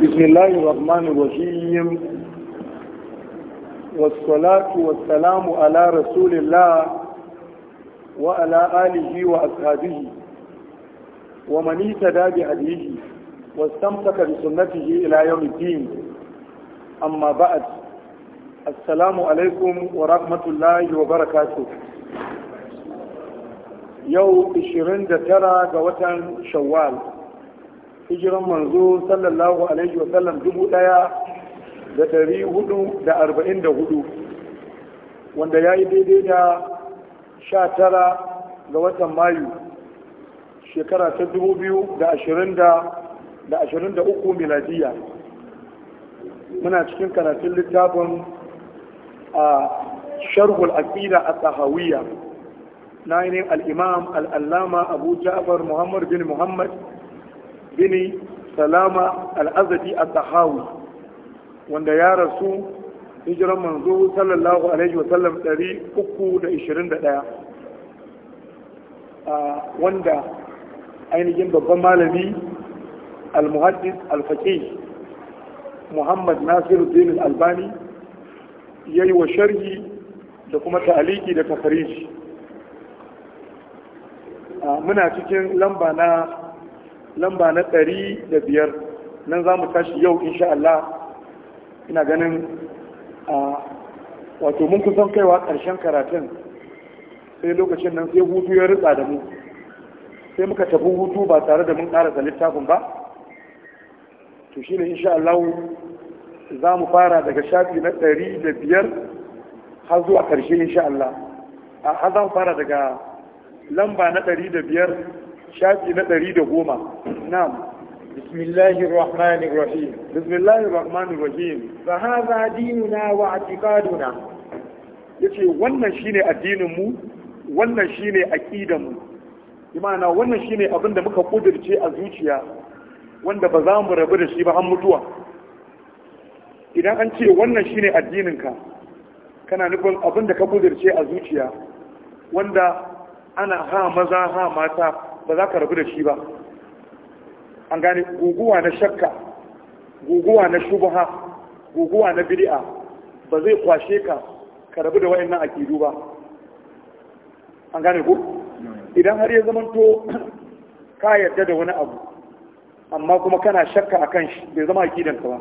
بسم الله الرحمن الرحيم والصلاة والسلام على رسول الله وعلى آله وأصحابه ومن اهتدى بهديه واستمسك بسنته إلى يوم الدين أما بعد السلام عليكم ورحمة الله وبركاته يوم 29 ga watan Shawwal hijiran manzo sallallahu alaihi wa sallam dubu daya da dari hudu da arba'in da hudu wanda ya yi daidai da sha tara ga watan mayu shekara ta dubu biyu da ashirin da da ashirin da uku miladiya muna cikin karatun littafin a sharhul aqida a sahawiya. na ainihin al allama abu ja'far muhammad bin muhammad bin salama al a al-tahawi wanda ya rasu hijiran manzo sallallahu alaihi wa sallam 321 wanda ainihin babban malami al-muhaddis al-faqih muhammad Nasiru al-albani yayi wa sharhi da kuma ta'aliki da tafariji muna cikin lamba na lamba na ɗari da biyar nan za mu tashi yau insha Allah ina ganin a wato mun kusan kaiwa ƙarshen karatun sai lokacin nan sai hutu ya ritsa da mu sai muka tafi hutu ba tare da mun ƙarasa littafin ba to shi ne insha Allah za mu fara daga shafi na ɗari da biyar har zuwa ƙarshe insha Allah a har za mu fara daga lamba na ɗari da biyar shafi na ɗari da goma na'am بسم الله الرحمن الرحيم بسم الله الرحمن الرحيم فهذا ديننا واعتقادنا yace wannan shine addinin mu wannan shine aqidan mu imana wannan shine abin da muka kudirce a zuciya wanda ba za mu rabu da shi ba har mutuwa idan an ce wannan shine addinin ka kana nufin abin da ka kudirce a zuciya wanda ana ha maza ha mata ba za ka rabu da shi ba an gane guguwa na shakka guguwa na shubha guguwa na bid'a ba zai kwashe ka ka rabu da wayannan akidu ba an gane ku idan har ya to ka yarda da wani abu amma kuma kana shakka akan shi bai zama ka ba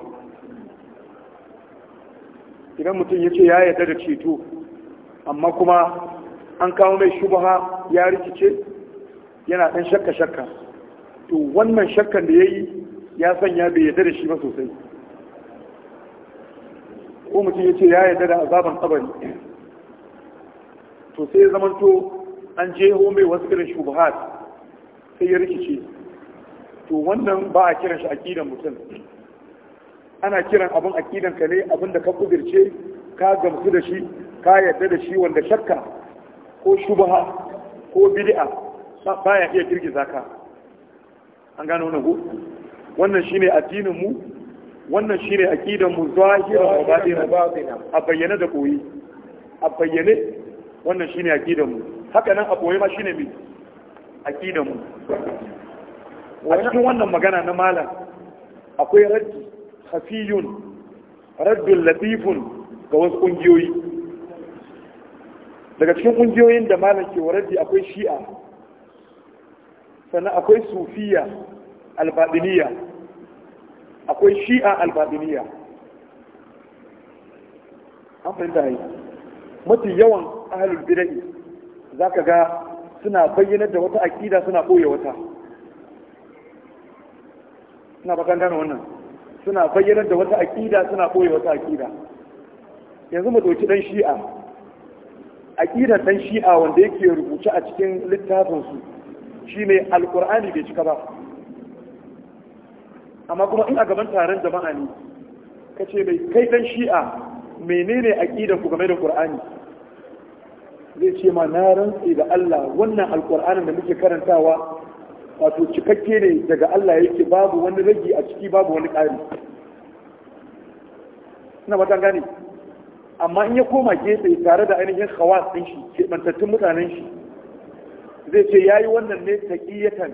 idan mutum ya ce ya yarda da ceto amma kuma an kawo mai shubha ya rikice yana ɗan shakka shakka to wannan shakkan da ya yi ya sanya bai yarda da shi ba sosai ko mutum ya ce ya yarda da azaban abari, to sai ya zamanto an je mai wasu irin shubuhat sai ya rikice to wannan ba a kiran shi aqidan mutum ana kiran abin akidan ka ne abin da ka kudirce ka gamsu da shi ka yarda da shi wanda shakka ko shubha ko bid'a baya iya girgiza ka an gano wannan ko? wannan shine addinin mu wannan shine aqidan mu zahira wa batina a bayyana da koyi a bayyane wannan shine aqidan mu haka nan a koyi ma shine mi aqidan mu a cikin wannan magana na malam akwai raddi khafiyun raddul latifun ga wasu kungiyoyi daga cikin kungiyoyin da malam ke raddi akwai shi'a sannan akwai sufiya albadiniya akwai shi'a albadiniya an fahimta yi mafi yawan ahalin bidai za ka ga suna bayyana da wata akida suna ɓoye wata suna bakan gane wannan suna bayyana da wata akida suna ɓoye wata akida yanzu mu ɗauki ɗan shi'a aƙidar ɗan shi'a wanda yake rubuce a cikin littafinsu Shi ne alkur'ani bai cika ba amma kuma in a gaban taron jama'a ne ka ce mai kai dan shi'a menene aƙidan ku game da qur'ani zai ce ma na rantsi da Allah wannan alkur'anin da muke karantawa wato cikakke ne daga Allah yake babu wani ragi a ciki babu wani ƙari ina ba gane amma in ya koma gefe tare da ainihin khawas din shi ke bantattun mutanen shi zai ce ya yi wannan ne ta ƙiyatan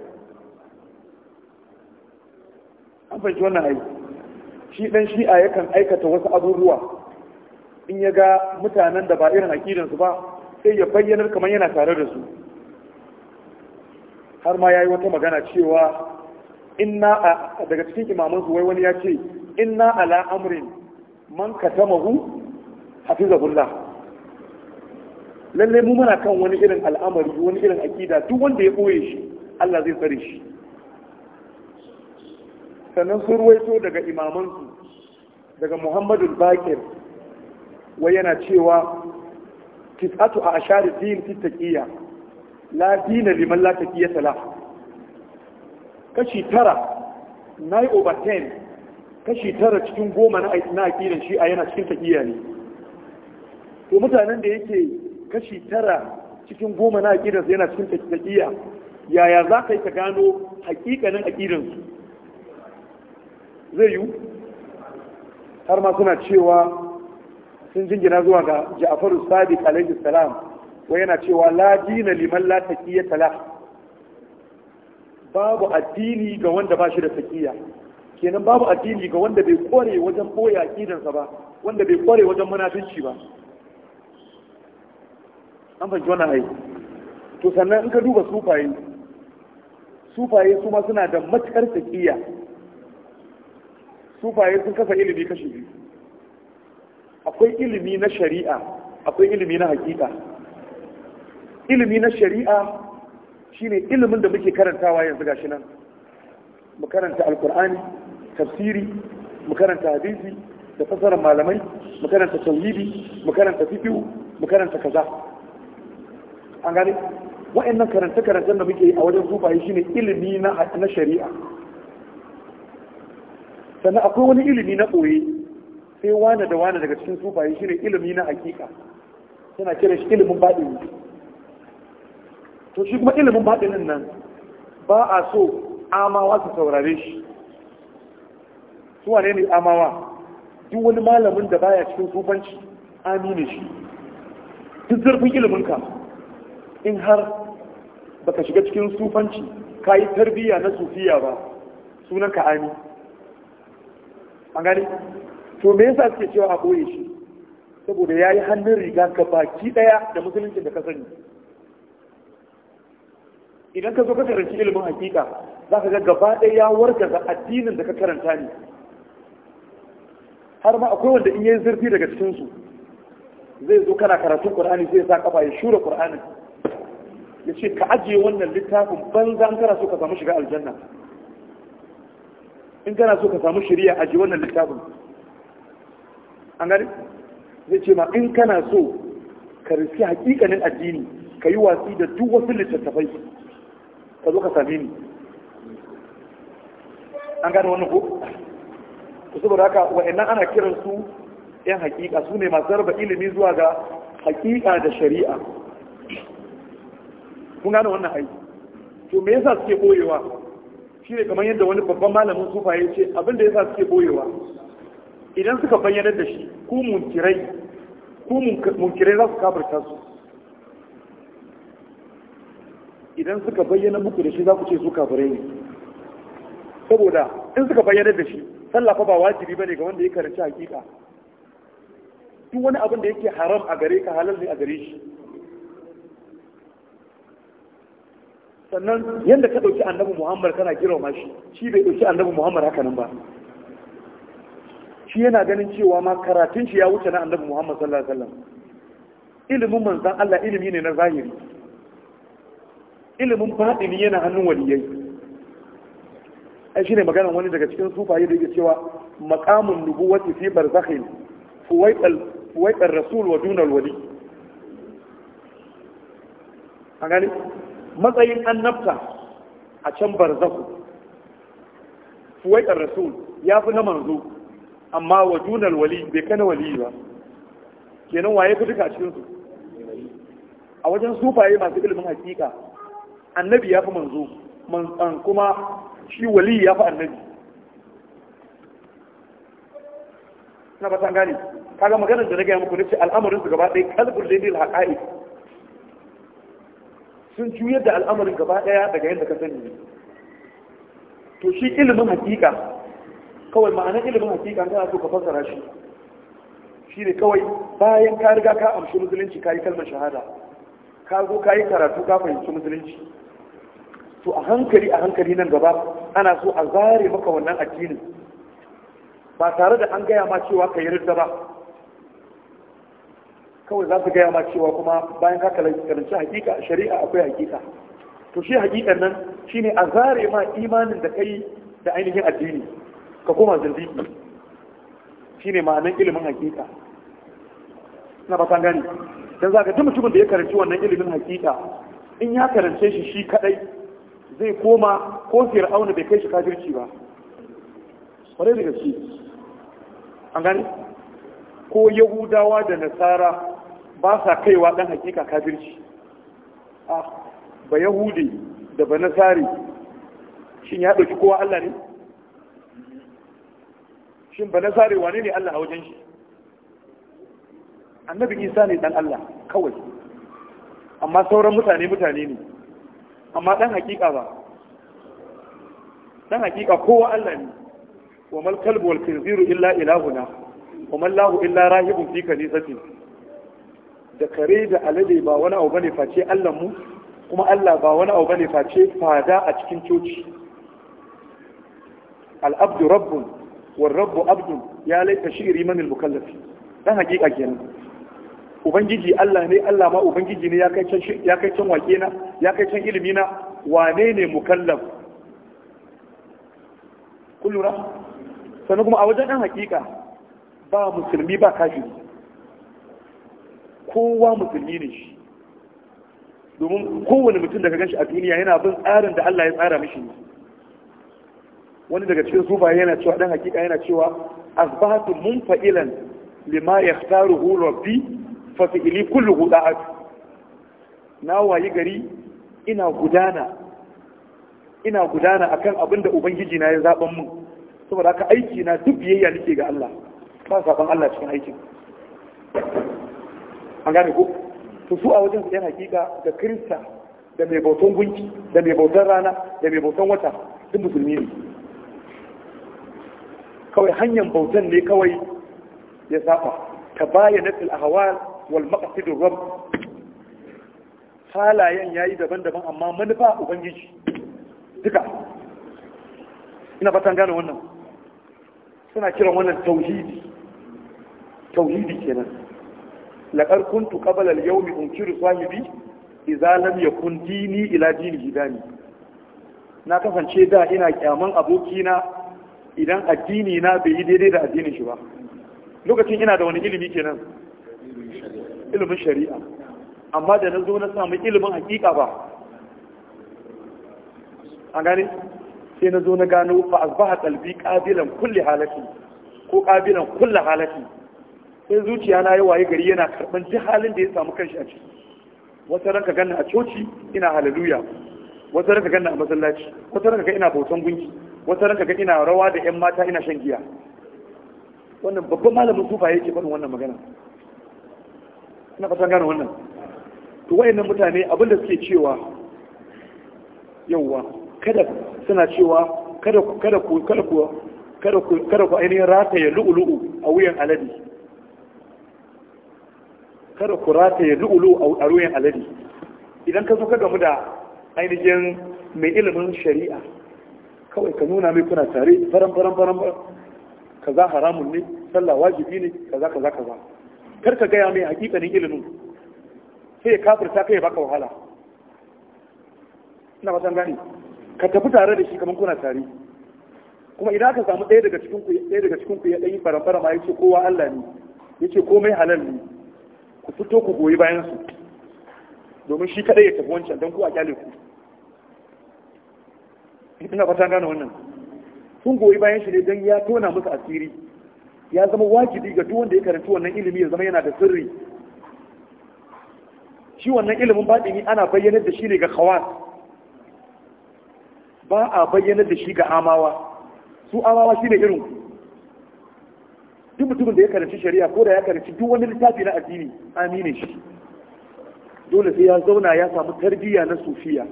an fahimci wannan ai shi ɗan shi'a yakan aikata wasu abubuwa in ya ga mutanen da ba irin aƙidansu ba sai ya bayyanar kamar yana tare da su har ma ya yi wata magana cewa inna a daga cikin imamansu wai wani ya ce inna ala amrin man katamahu hafizahullah Lallai mu muna kan wani irin al'amari wani irin akida duk wanda ya boye shi Allah zai tsare shi sannan sun ruwaito daga imamansu daga Muhammadu Bakir wa yana cewa tis'atu a ashari din fi la dina liman la taqiya sala kashi tara nai over kashi tara cikin goma na na shi'a shi yana cikin taqiya ne to mutanen da yake kashi tara cikin goma na aƙidansu yana cikin tafiya. yaya za ka yi ka gano haƙiƙanin aƙidansu zai yiwu har ma suna cewa sun jingina zuwa ga ja'afaru sadiq alaihi salam wa yana cewa la dina liman la ya tala? babu addini ga wanda ba shi da taqiya kenan babu addini ga wanda bai kware wajen boye aqidansa ba wanda bai kware wajen munafici ba an fahimci wannan hai to sannan in ka duba sufaye sufaye su ma suna da matukar tsakiya sufaye sun kafa ilimi kashi biyu akwai ilimi na shari'a akwai ilimi na hakika ilimi na shari'a shine ilimin da muke karantawa yanzu gashi nan mu karanta alkur'ani tafsiri mu karanta hadisi da fasarar malamai mu karanta tauhidi mu karanta fiqh mu karanta kaza an gane wa'annan karanta-karantar da muke a wajen sufaye shine ilimi na shari'a sannan akwai wani ilimi na ɓoye sai wane da wane daga cikin sufaye shine ilimi na hakika suna kira shi ilimin baɗin to shi kuma ilimin baɗinin nan ba a so amawa su saurare shi su ne ne amawa duk wani malamin da baya cikin sufanci amini shi duk zurfin iliminka? in har baka shiga cikin sufanci ka yi tarbiyya na sufiya ba sunan ka ami an gani to me yasa suke cewa a boye shi saboda ya yi hannun riga ka baki daya da musuluncin da ka sani idan ka zo ka karanci ilimin hakika za ka ga gaba ɗaya ya ga addinin da ka karanta ne har ma akwai wanda in yi zurfi daga cikinsu zai zo kana karatun ƙur'ani zai sa kafa ya shura ƙur'anin ya ce ka ajiye wannan littafin banza in kana so ka samu shiga aljanna in kana so ka samu shirya ajiye wannan littafin an gani zai ce ma in kana so ka riski hakikanin addini ka yi watsi da duk wasu littattafai ka zo ka same ni an gane wannan ko ku saboda haka wa'annan ana kiran su yan hakika su ne masu raba ilimi zuwa ga hakika da shari'a kun gane wannan aiki to me yasa suke boyewa shine kamar yadda wani babban malamin sufa ya ce abin da yasa suke boyewa idan suka bayyana da shi ku munkirai ku munkirai za su kafirta su idan suka bayyana muku da shi za ku ce su kafirai ne saboda in suka bayyana da shi sallafa ba wajibi bane ga wanda ya karanci hakika duk wani abin da yake haram a gare ka halal ne a gare shi sannan yadda ka ɗauki annabi muhammad kana girma shi shi bai ɗauki annabi muhammad haka nan ba shi yana ganin cewa ma karatun shi ya wuce na annabi muhammad sallallahu alaihi wasallam ilimin manzan allah ilimi ne na zahiri ilimin faɗini yana hannun waliyai ai shine maganar wani daga cikin sufaye da yake cewa maqamun nubuwati fi barzakhin fuwaiqal fuwaiqar rasul wa dunal wali an gani matsayin annabta a can barzaku fuwaitar rasul ya fi na manzo amma wa junar wali bai kana wali ba kenan waye fi duka a cikinsu a wajen sufaye masu ilimin hakika annabi ya fi manzo kuma shi wali ya fi annabi na ba gane kaga maganar da na gaya muku nace al'amarin su gaba ɗaya kalbul lilil Haƙa'i. sun juyar da al'amarin gaba daya daga yadda ka sani to shi ilimin hakika kawai ma'anar ilimin hakika kana so ka fassara shi shi ne kawai bayan ka riga ka amshi musulunci ka yi kalmar shahada ka zo ka yi karatu ka fahimci musulunci to a hankali a hankali nan gaba ana so a zare maka wannan addinin ba tare da an gaya ma cewa ka yi ridda ba kawai za su gaya ma cewa kuma bayan ka karanci hakika shari'a akwai hakika to shi hakikan nan shine a zare ma imanin da kai da ainihin addini ka koma zindiki shine ma'anan ilimin hakika na ba gani dan zaka duk mutumin da ya karanci wannan ilimin hakika in ya karance shi shi kadai zai koma ko fir'auna bai kai shi kafirci ba kwarai da gaske an gani ko yahudawa da nasara ba sa kaiwa ɗan hakika kafirci ah, ba yahudi da ba nasari shin ya ɗauki kowa Allah ne shin ba nasari wane ne Allah a wajen shi annabi isa ne dan Allah kawai amma sauran mutane mutane ne amma dan hakika ba dan hakika kowa Allah ne wa mal kalbu wal khinziru illa ilahuna wa man lahu illa rahibun fi kanisati da kare da alade ba wani abu bane face Allah mu kuma Allah ba wani abu bane face fada a cikin coci al-abdu rabbun wa rabbu abdun ya laita shi'ri man al mukallaf dan hakika kenan ubangiji Allah ne Allah ma ubangiji ne ya kai can ya kai can wake na ya kai can ilimi na wane ne mukallaf ra sanu kuma a wajen dan hakika ba musulmi ba kafiri kowa musulmi ne shi domin kowane mutum da ka ganshi a duniya yana bin tsarin da Allah ya tsara mishi ne wani daga cikin sufaye yana cewa dan hakika yana cewa asbahatu munfa'ilan lima yahtaruhu rabbi fa fi'li kulluhu da'at na wayi gari ina gudana ina gudana akan abin da ubangiji na ya zaben mun saboda haka aiki na duk biyayya nake ga Allah ba saban Allah cikin aikin an gane ko to su a wajen su yan hakika da kirista da mai bautan gunki da mai bautan rana da mai bautan wata duk musulmi ne kawai hanyar bautan ne kawai ya saba ta bayyana fil ahwal wal maqsid rabb halayen yayi daban-daban amma manufa ubangiji duka ina fatan gane wannan suna kiran wannan tauhidi tauhidi kenan laƙar kuntu ƙabalar al-yawmi unkiru sahibi idza ya kun dini ila dini hidani na kasance da ina kyaman abokina idan addini na bai yi daidai da addinin shi ba lokacin ina da wani ilimi kenan ilimin shari'a amma da na zo na samu ilimin hakika ba an gane sai na zo na gano fa asbaha qalbi qabilan kulli halati ko qabilan kulli halati sai zuciya na yi waye gari yana karɓar ji halin da ya samu kanshi a ciki wata ranka ganna a coci ina haleluya wata ranka ganna a masallaci wata ranka ina bautan gunki wata ranka ga ina rawa da yan mata ina shan giya wannan babban malamin sufa yake faɗin wannan magana ina fatan gane wannan to wayannan mutane abin da suke cewa yauwa kada suna cewa kada ku kada ku kada ku kada ku ainihin rataye lu'ulu'u a wuyan alade kada ku rataye lu'ulu a ruwan alade idan ka zo ka gamu da ainihin mai ilimin shari'a kawai ka nuna mai kuna tare faran faran faran kaza haramun ne sallah wajibi ne kaza kaza kaza kar ka gaya mai hakikanin ilimin sai ya kafirta kai ya baka wahala ina ba gani ka tafi tare da shi kamar kuna tare kuma idan aka samu ɗaya daga cikin ku ɗaya daga cikin ku ya ɗan yi faran faran ma ce kowa Allah ne ce komai halal ne ku fito ku goyi bayan su domin shi kadai ya tafi wancan don ku a kyale ku ina fata gane wannan sun goyi bayan shi ne don ya tona musu asiri ya zama wajibi ga duk wanda ya karanci wannan ilimi ya zama yana da sirri shi wannan ilimin baɗini ana bayyanar da shi ne ga khawas ba a bayyanar da shi ga amawa su amawa shi ne irin duk mutumin da ya karanci shari'a ko da ya karanci duk wani littafi na addini amine shi dole sai ya zauna ya samu tarbiyya na sufiya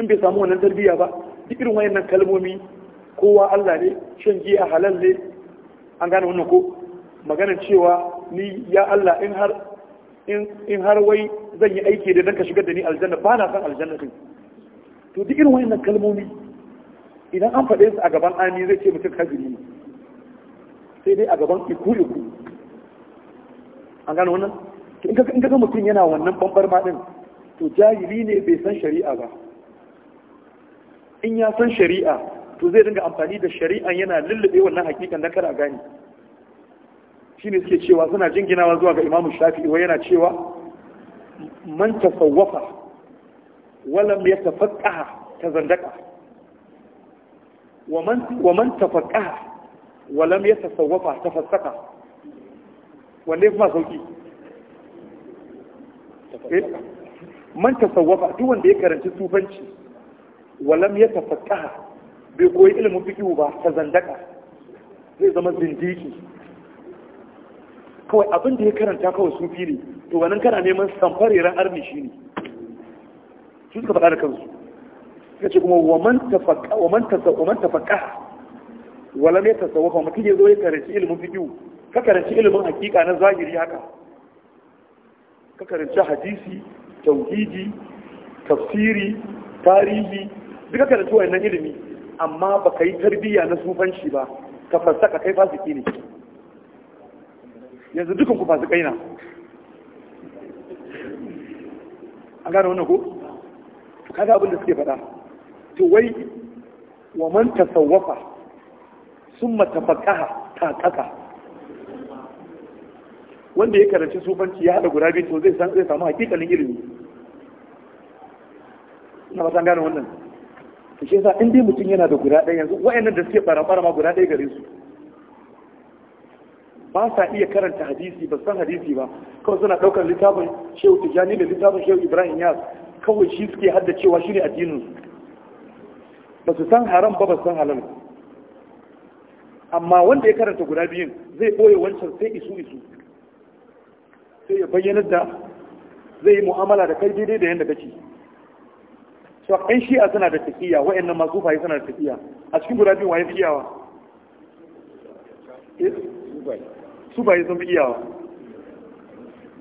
in bai samu wannan tarbiyya ba duk irin wayannan kalmomi kowa Allah ne shan giya halal ne an gane wannan ko magana cewa ni ya Allah in har in har wai zan yi aiki da dan ka shigar da ni aljanna ba na san aljanna din to duk irin wayannan kalmomi idan an faɗe su a gaban ani zai ce mutum kafiri ne sai dai a gaban iku iku an gano wannan in ka ga mutum yana wannan bambar ma to jahili ne bai san shari'a ba in ya san shari'a to zai dinga amfani da shari'a yana lullube wannan hakikan da kada gani shine suke cewa suna jinginawa zuwa ga imamu shafi'i wai yana cewa man tasawwafa walam yatafaqqaha tazandaka wa man wa man tafaqqaha walam ya tasawwafa ta fassaka wanne kuma sauki eh, man tasawwafa duk wanda ya karanci tufanci, walam ya tafaqqaha bai koyi ilimin biki ba ta zandaka zai zama zindiki kawai abin da ya karanta kawai sufi ne to wannan kana neman samfareren arni shi ne su suka faɗa da kansu ya ce kuma wa man tafaqqa wa man wala mai tasawufa mutum ya zo ya karanci ilimin fiƙiyu ka karanci ilimin hakika na zahiri haka ka karanci hadisi tauhidi tafsiri tarihi duka karanci wannan ilimi amma ba ka yi tarbiyya na sufanci ba ka fassaka kai fasiki ne yanzu dukan ku fasikai na an gane wannan ko kaga abin da suke faɗa to wai wa man tasawufa sun matafakaha ƙasa. wanda ya karanci sufanci ya haɗa guda biyu to zai san zai samu hakikalin ilimi na ba san gane wannan to shi yasa in dai mutum yana da guda ɗaya yanzu wayannan da suke fara fara ma guda ɗaya gare su ba sa iya karanta hadisi ba san hadisi ba kawai suna ɗaukar littafin shehu tijjani da littafin shehu ibrahim yas kawai shi suke haddacewa shi ne addinin ba su san haram ba ba su san halal amma wanda ya karanta guda biyun zai ɓoye wancan sai isu isu sai ya bayyana da zai yi mu'amala da kai daidai da yadda kake so ɗan shi'a suna da tafiya wa'annan masu fayi suna da tafiya a cikin guda biyun waye fiyawa iyawa eh? su baye sun fiyawa iyawa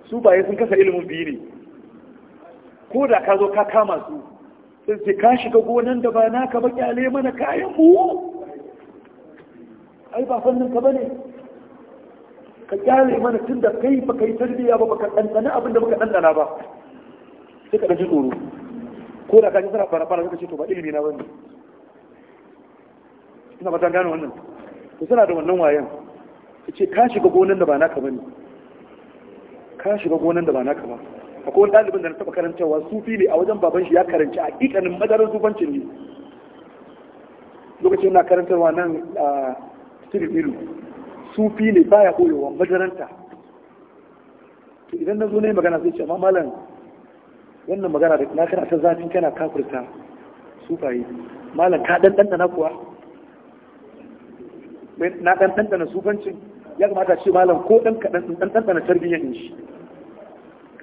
su baye sun kasa ilimin biyu ne ko da ka zo ka kama su sai ka shiga gonan da ba naka ba kyale mana kayan buwo ai ba fannin ka bane ka kyale mana tun da kai baka yi tarbiyya ba baka ɗanɗana abin da baka ɗanɗana ba sai ka ji tsoro ko da ka ji suna fara-fara suka ce to ba ilimi na bane ina ba ta gano wannan to suna da wannan wayan su ce ka shiga gonan da ba naka bane ka shiga gonan da ba naka ba akwai wani ɗalibin da na taɓa karantarwa sufi ne a wajen baban shi ya karanci a ƙiƙanin madarar zubancin ne lokacin na karantarwa nan a ah, tirbiru sufi ne baya koyowa madaranta to idan na zo ne magana sai ce amma malam wannan magana da na kana ta zafi kana kafirta sufaye malam ka dan na kuwa na dan dandana sufancin ya kamata ce malam ko dan ka dan na tarbiyyar in shi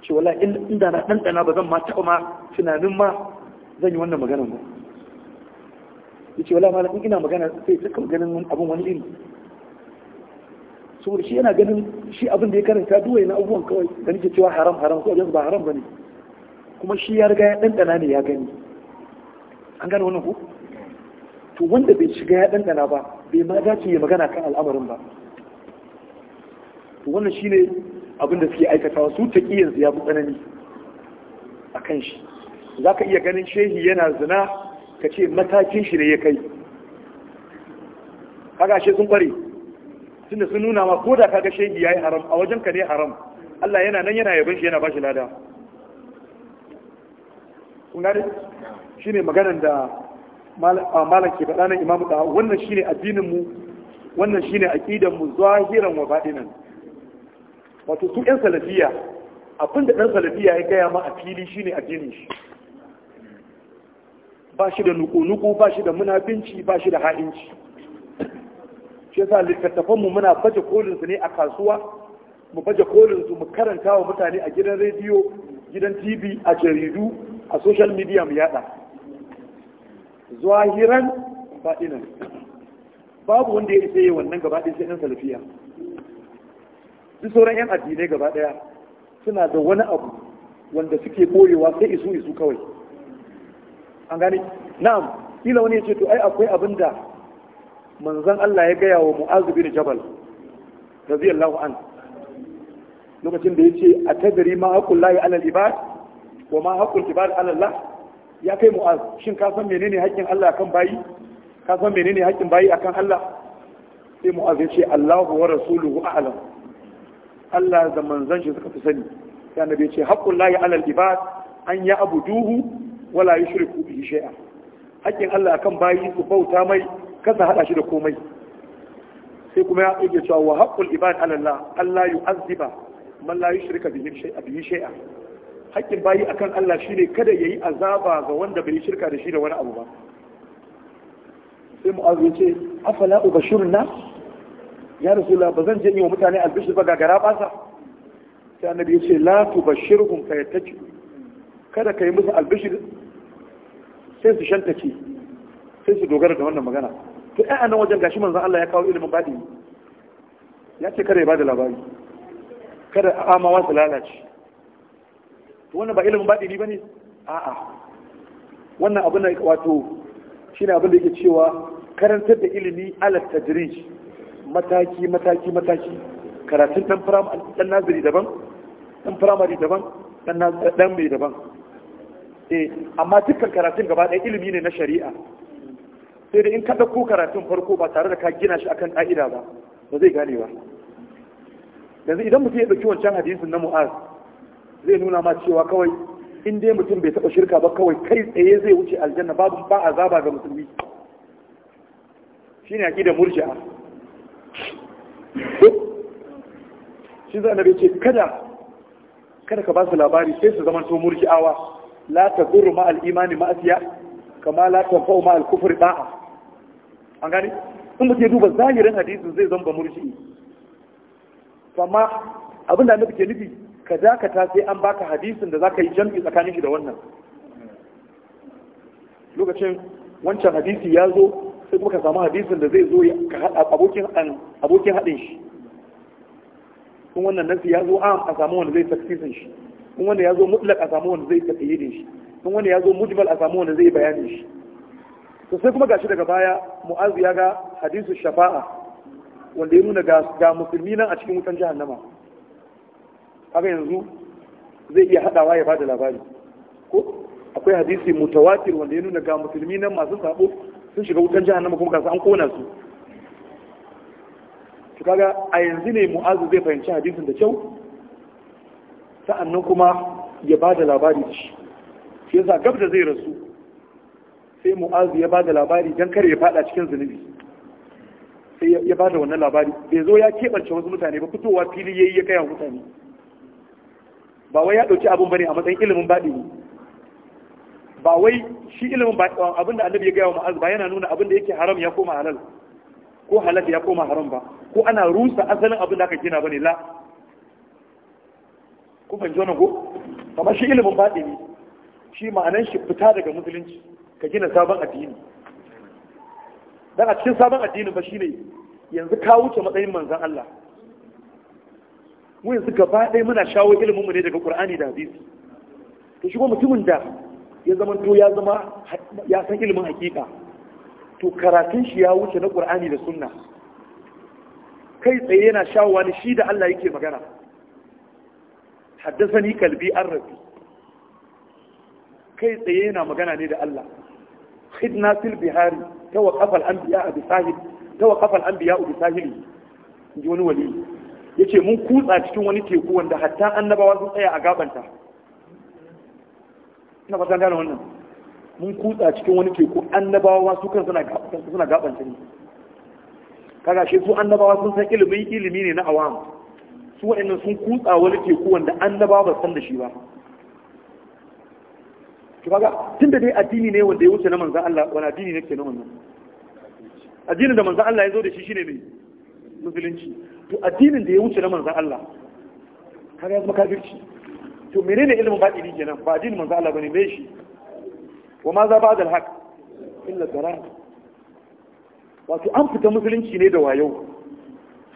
ce wala inda na dandana ba zan ma taɓa ma tunanin ma zan yi wannan maganar ba yace wala malam in ina magana sai ta kan ganin abin wani iri saboda shi yana ganin shi abin da ya karanta duwa na abubuwan kawai da nake cewa haram haram ko ba haram bane kuma shi ya riga ya dandana ne ya gani an gane wannan ko to wanda bai shiga ya dandana ba bai ma dace ya magana kan al'amarin ba to wannan shine abin da suke aikatawa su yanzu ya fi tsanani akan shi zaka iya ganin shehi yana zina ka ce matakin shi ne ya kai haka shi sun sun da sun nuna ma ko da kaga ya yi haram a wajen ka ne haram Allah yana nan yana yabon shi yana ba shi lada kun shi ne maganar da malam ke faɗa nan imamu da wannan shi addinin mu wannan ne aqidan mu zahiran wa nan. wato su ƴan salafiya abinda ɗan salafiya ya gaya ma a fili shi ne addinin shi ba shi da nuku-nuku ba shi da munafinci ba shi da ha'inci shi yasa littattafanmu muna baje kolinsu ne a kasuwa mu baje kolinsu mu karanta wa mutane a gidan rediyo gidan tv a jaridu a social media mu yada zuwahiran fa'inan babu wanda ya isa yi wannan gaba sai ɗan salafiya duk sauran 'yan addinai gaba ɗaya suna da wani abu wanda suke ɓorewa sai isu isu kawai an gane na'am kila wani ya ce to ai akwai abin da manzon Allah ya gaya wa Mu'az bin Jabal radiyallahu an lokacin da yace atadri ma haqqul lahi ala al-ibad wa ma haqqul ibad ala Allah ya kai Mu'az shin ka san menene haƙƙin Allah kan bayi ka san menene haƙƙin bayi akan Allah sai Mu'az ya ce Allahu wa rasuluhu a'lam Allah da manzon shi suka fi sani sai annabi yace ce haqqul lahi ala al-ibad an ya abuduhu wala yushriku bihi shai'a. hakkin Allah akan bayi su bauta mai kasa hada shi da komai sai kuma ya yake cewa wa haqqul ibad ala Allah Allah yu'azziba man la yushrika bihi shay'a bihi shay'a hakkin bayi akan Allah shine kada yayi azaba ga wanda bai shirka da shi da wani abu ba sai mu'az ya ce afala ubashirun nas ya rasulullah ba zan je yi wa mutane albishir ba gagara basa? sa sai annabi ya ce la tubashirhum fa yattaji kada kai musu albishir sai su shantake sai su dogara da wannan magana to ai a nan wajen gashi manzon Allah ya kawo ilimin baɗi ya ce kada ya bada labari kada a amawa su lalace to wannan ba ilimin baɗi ne bane a'a wannan abin da wato shine abin da yake cewa karantar da ilimi ala tajrij mataki mataki mataki karatun dan firamare dan nazari daban dan firamare daban dan mai daban eh amma dukkan karatun gaba ɗaya ilimi ne na shari'a sai da in ka ɗauko karatun farko ba tare da ka gina shi akan ƙa'ida ba ba zai gane ba yanzu idan mutum ya ɗauki wancan hadisin na mu'az zai nuna ma cewa kawai in dai mutum bai taɓa shirka ba kawai kai tsaye zai wuce aljanna babu ba azaba ga musulmi shine aqida murji'a shi zai ce kada kada ka ba su labari sai su zama to murji'awa la tadurru ma al-imani ma'asiya kama la tanfa'u ma al-kufri da'a an gani in mutum ya duba zahirin hadisin zai zamba murji amma abin da annabi ke nufi ka dakata sai an baka hadisin da zaka yi jam'i tsakanin shi da wannan lokacin wancan hadisi ya zo sai kuma ka samu hadisin da zai zo ka abokin haɗin shi in wannan nasi ya zo a samu wanda zai taksisin shi in wanda ya zo mutlak a samu wanda zai tafiye da shi in wanda ya zo mujmal a samu wanda zai bayani shi to sai kuma gashi daga baya mu'azu ya ga hadisu shafa'a wanda ya nuna ga musulmi nan a cikin wutan jahannama haka yanzu zai iya hadawa ya bada labari ko akwai hadisi mutawatir wanda ya nuna ga musulmi nan masu sabo sun shiga wutan jahannama kuma kasu an kona su to kaga a yanzu ne mu'azu zai fahimci hadisin da kyau sa'annan kuma ya ba da labari da shi ya sa gab da zai rasu sai mu'azu ya ba da labari don kare ya fada cikin zunubi sai ya ba da wannan labari bai zo ya keɓance wasu mutane ba fitowa fili ya yi ya kaya mutane ba wai ya ɗauki abin bane a matsayin ilimin baɗi ne ba wai shi ilimin baɗi abin da annabi ya gaya wa mu'azu ba yana nuna abin da yake haram ya koma halal ko halal ya koma haram ba ko ana rusa asalin abin da aka gina bane la Ko fahimci wannan ko amma shi ilimin ne. shi ma'anan shi fita daga musulunci ka gina sabon addini dan a cikin sabon addini ba shine yanzu ka wuce matsayin manzon Allah mu yanzu gaba ɗaya muna shawo ilimin mu ne daga Qur'ani da hadisi to shi mutumin da ya zama to ya zama ya san ilimin hakika to karatun shi ya wuce na Qur'ani da sunna kai tsaye yana shawowa ne shi da Allah yake magana haddasani kalbi an rafi kai tsaye yana magana ne da Allah khidna fil bihari tawaqqafa al anbiya bi sahil tawaqqafa al anbiya bi sahili inji wani wali yace mun kutsa cikin wani teku wanda hatta annabawa sun tsaya a gabanta ina fatan gane wannan mun kutsa cikin wani teku annabawa su kan suna suna gabanta ne kaga shi su annabawa sun san ilimi ilimi ne na awam su waɗannan sun kutsa wani teku wanda annaba ba san da shi ba ki kaga tunda dai addini ne wanda ya wuce na manzan Allah wani addini ne ke na wannan addinin da manzan Allah ya zo da shi shine ne musulunci to addinin da ya wuce na manzan Allah kaga zama kafirci to menene ilimin batini kenan ba addinin manzan Allah bane me shi wa ma za ba da haƙ illa darar wato an fita musulunci ne da wayo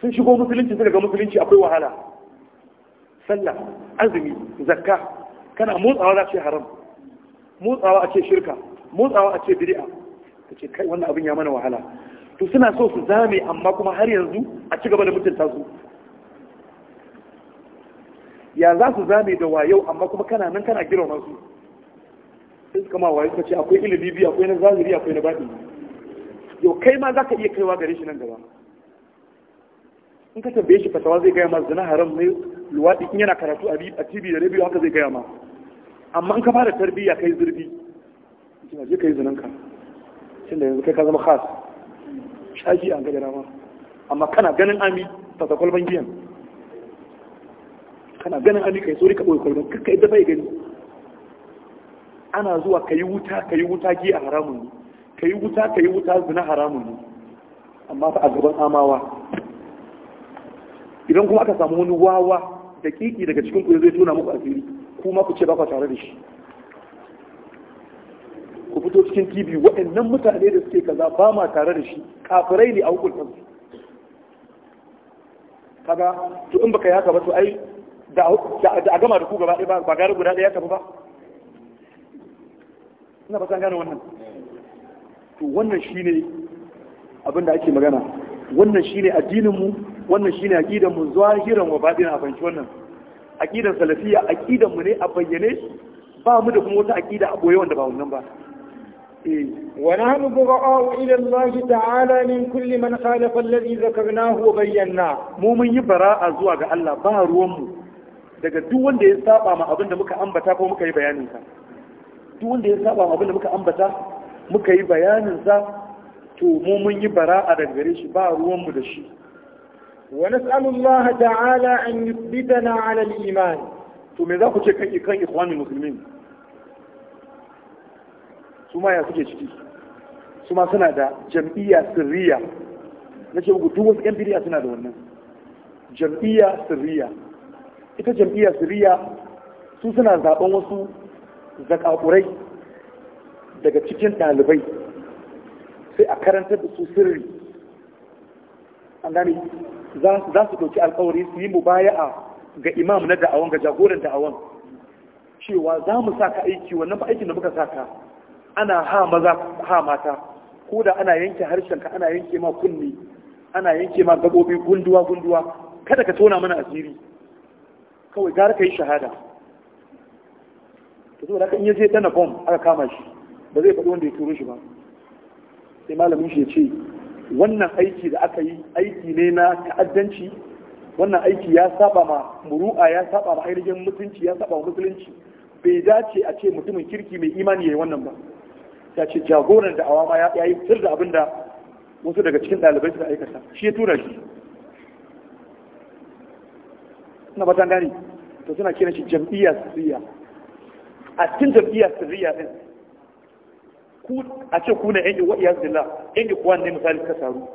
sun shigo musulunci suka ga musulunci akwai wahala sallah azumi zakka kana motsawa za ce haram motsawa a ce shirka motsawa a ce bid'a ta ce kai wannan abin ya mana wahala to suna so su zame amma kuma har yanzu a ci gaba da mutunta su ya za su zame da wayau amma kuma kana nan kana girma su sai suka ma wayo suka ce akwai ilimi biyu akwai na zahiri akwai na baɗi yau kai ma za ka iya kaiwa gare shi nan gaba in ka tambaye shi fatawa zai gaya ma zina haram ne luwaɗi in yana karatu a tv da biyu haka zai gaya ma amma in ka fara tarbiyya kai zurbi kina je kai zinanka tunda yanzu kai ka zama khas shaji an ga rama amma kana ganin ami ta ta kwalban giyan kana ganin ami kai sori ka boye kwalban kakka ita bai gani ana zuwa yi wuta yi wuta giya haramun ne yi wuta yi wuta zina haramun ne amma fa a gaban amawa idan kuma aka samu wani wawa da kiki daga cikin ku zai tona muku asiri kuma ku ce ba ku tare da shi ku fito cikin tv waɗannan mutane da suke kaza ba ma tare da shi kafirai ne a hukuntar su kaga to in baka yaka ba to ai da a gama da ku gaba ɗaya ba gari guda ɗaya ka ba ina ba san gane wannan to wannan shine abin da ake magana wannan shine addinin mu wannan shine aqidar mu zahiran wa batin a fanci wannan aqidar salafiya aqidar mu ne a bayyane ba mu da kuma wata aqida a boye wanda ba wannan ba ونحن براء إلى الله تعالى من كل من خالف الذي ذكرناه وبيناه zuwa ga Allah ba بار ruwanmu. daga duk wanda ya saba ma abin da muka ambata ko muka yi bayanin sa duk wanda ya saba ma abin da muka ambata muka yi bayanin sa to mu mun yi bara'a daga gare shi ba ruwan mu da shi ونسأل الله تعالى أن يثبتنا على الإيمان ثم إذا كنت كان إخوان المسلمين ثم يا سيدي ثم سنة جمعية سرية نجي أقول دو وسكن بريا سنة دون جمعية سرية ita jam'iyyar siriya su suna وسو زكاة أوري daga cikin ɗalibai sai a karantar da su sirri an gane za su ɗauki alkawari su yi mu baya a ga imam na da'awan ga jagoran da'awan cewa za mu sa ka aiki wannan ba aikin da muka sa ka ana ha maza ha mata ko da ana yanke harshen ka ana yanke ma kunni ana yanke ma gabobi gunduwa gunduwa kada ka tona mana asiri kawai gara ka yi shahada to da in ya je tana bom aka kama shi ba zai faɗi wanda ya turo shi ba sai malamin shi ya ce wannan aiki da aka yi aiki ne na ta'addanci wannan aiki ya saba ma muru'a ya saba ma ainihin mutunci ya saba ma musulunci bai dace a ce mutumin kirki mai imani ya yi wannan ba ta ce jagoran da awama ya yi sir da abin da wasu daga cikin ɗalibai suka aikata shi ya tura shi na ba gani to suna kiran shi jam'iyyar sirriya a cikin jam'iyyar sirriya din ku a ce ku ne yanke uwa iyaz billah yan uwa ne misali ka saru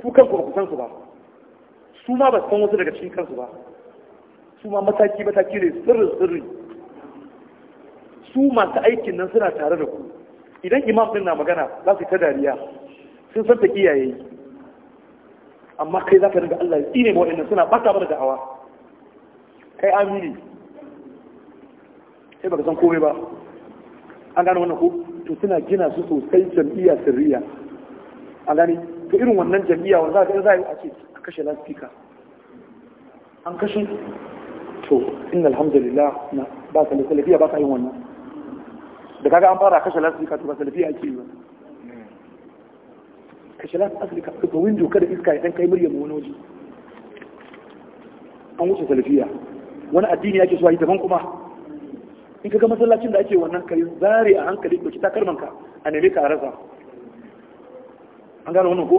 ku kan ba ku san su ba su ma ba san wasu daga cikin kansu ba su ma mataki mataki ne sirrin sirri su masu aikin nan suna tare da ku idan imam din na magana za su ta dariya sun san ta iyaye amma kai za ka daga Allah ya tsine ma wa'annan suna bata mana da'awa kai amini sai baka san komai ba an gano wannan ku to suna gina su sosai jam'iyya sirriya a gani to irin wannan jam'iyya wanda za a yi a ce a kashe laspika an kashe to in alhamdulillah na ba ka lafiya ba ka yin wannan da kaga an fara kashe laspika to ba lafiya ake yi ba kashe laspika to windo kada iska ya dan kai murya mu wani waje an wuce salafiya wani addini yake so a yi daban kuma in ka ga masallacin da ake wannan kai zare a hankali ɗauki takalmanka a neme ka a rasa an gano wannan ko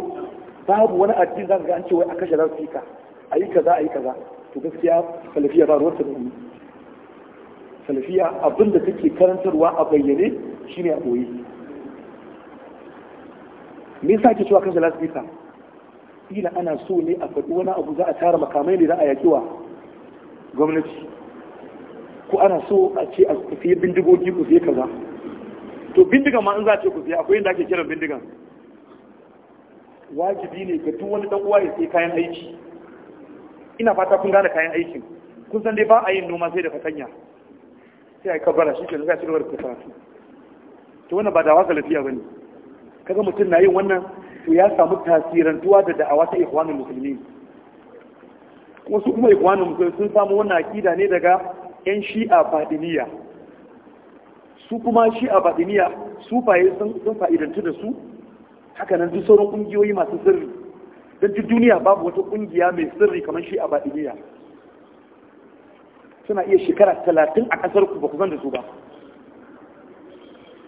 babu wani addini za ka ga an ce wai a kashe za su yi ka a yi kaza a yi kaza to gaskiya salafiya ba ruwarsa da yi salafiya abin da take karantarwa a bayyane shine a boye me yasa ke cewa kashe last ka ila ana so ne a faɗi wani abu za a tara makamai ne za a yaƙi wa gwamnati ko ana so a ce a kusiye bindigogi ku sai kaza to bindigan ma in za a ce kusiye akwai inda ake kiran bindigan wajibi ne ga duk wani dan uwa ya sai kayan aiki ina fata kun gane kayan aikin kun san dai ba a yin noma sai da fatanya sai ai kabara shi ke zai cigaba da karatu to wannan ba dawa ga lafiya bane kaga mutum na yin wannan to ya samu tasirantuwa da da'awa ta ikhwanul muslimin wasu kuma ikhwanul muslimin sun samu wannan akida ne daga 'yan shi'a baɗiniya su kuma shi'a baɗiniya su faye sun fa'idantu da su haka nan duk sauran ƙungiyoyi masu sirri don duk duniya babu wata ƙungiya mai sirri kamar shi'a baɗiniya suna iya shekara talatin a ƙasar ku ba ku san da su ba